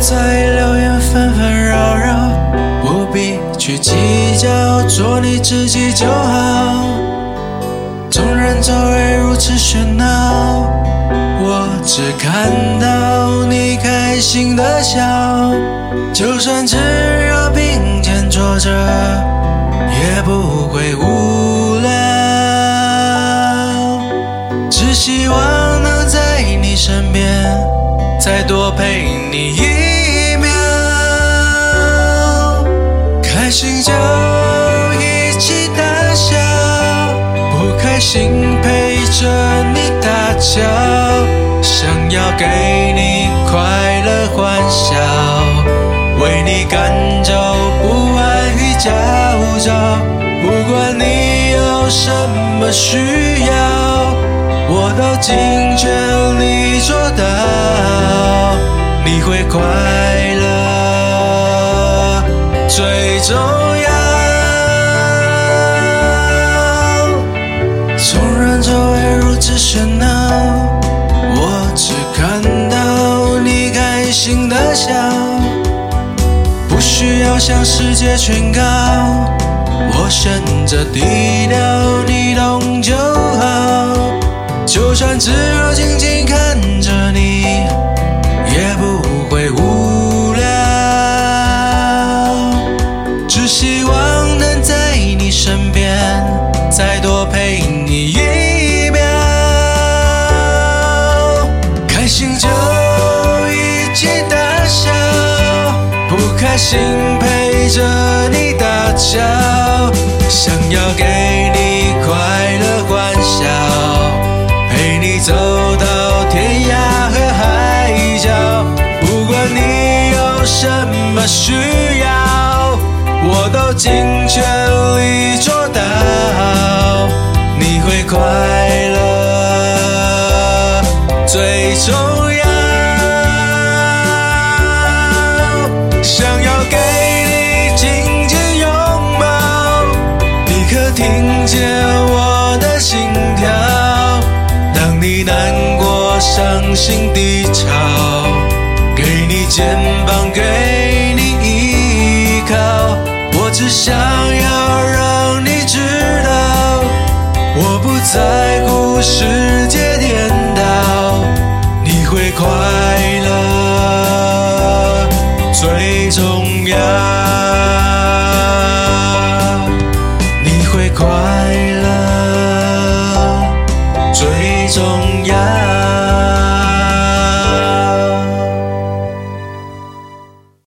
在意流言紛紛擾擾，不必去計較，做你自己就好。縱然周圍如此喧鬧，我只看到你開心的笑。就算只有併肩坐着，也不會無聊。只希望能在你身邊。再多陪你一秒，開心就一起大笑，不開心陪着你大叫，想要給你快樂歡笑，為你趕走不安與焦躁，不管你有什麼需要，我都盡全力。做到你會快樂，最重要。縱然周圍如此喧鬧，我只看到你開心的笑，不需要向世界宣告。我選擇低調，你懂就好。就算只有靜靜。再多陪你一秒，開心就一起大笑，不開心陪着你大叫，想要給你快樂歡笑，陪你走到天涯和海角，不管你有什麼需要。我都盡全力做到，你會快樂最重要。想要給你緊緊擁抱，你可聽見我的心跳？當你難過傷心低。想要讓你知道，我不在乎世界顛倒，你會快樂最重要。你會快樂最重要。